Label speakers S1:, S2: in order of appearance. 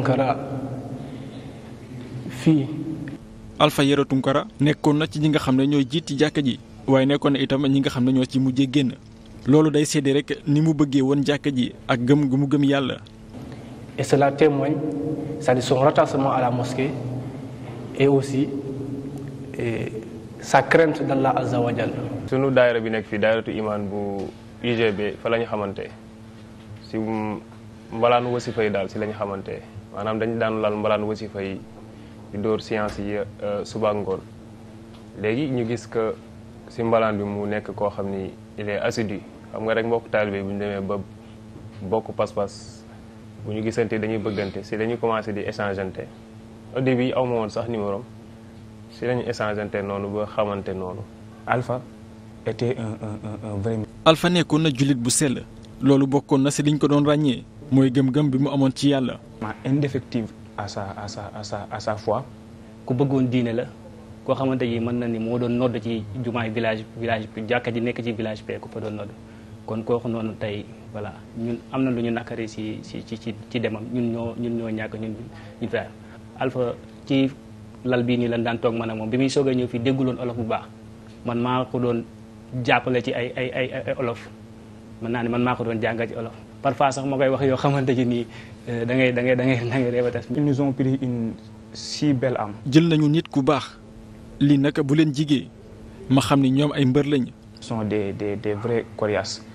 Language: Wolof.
S1: Tunkara fii.
S2: Alpha Yero Tunkara nekkoon na ci ñi nga xam ne ñooy jiiti jàkka ji waaye nekkoon na itam ñi nga xam ne ñoo ci mujjee génn loolu day seede rek ni mu bëggee woon jàkka ji ak gëm gëm yàlla.
S1: et cela témoigne cest
S3: la mosquée et sunu daayira bi nekk fii daayiratu imaan bu UGB fa la xamante si mbalaan wasifa yi daal si lañ xamante maanaam dañu daan laal mbalaan wasifa yi di dóor science yi euh, suba ngoon léegi ñu gis que si mbalaan bi mu nekk koo xam ni il assidu xam nga rek mbokk taalibe bu ñu demee ba bokk pas-pas bu ñu gisante dañuy bëggante si dañuy commencé di échangeante au début aw ma woon sax numéro si lañu échangeante noonu ba xamante noonu. alfa était un un
S2: un nekkoon na jullit bu sell loolu bokkoon na si liñ ko doon ràññee. mooy gëm-gëm bi mu amoon ci yàlla. ma indéfectible à sa à sa à sa à sa ku bëggoon diine la koo xamante ni
S4: mën na ni moo doon nodd ci jumaay village village bi jàkka ji nekk ci village bee ku fa doon nodd kon kooku noonu tey voilà ñun am na lu ñu nakari si si ci ci demam ñun ñoo ñun ñoo ñàkk ñun ñu fa ci lal bii nii lan daan toog man a moom bi muy soogee ñëw fii dégguloon olof bu baax man maa ko doon jàpp jàppale ci ay ay ay olof mën naa ne man maa ko doon jàngal ci olof parfois sax ma koy wax yoo xamante ci nii euh, da ngay dangay ngay da ngay da ngay reebates ils pris une si belle âme
S2: jël nañu nit ku baax lii naka bu leen jigee ma xam ni ñoom ay mbër lañ sont des des des vrais coriaces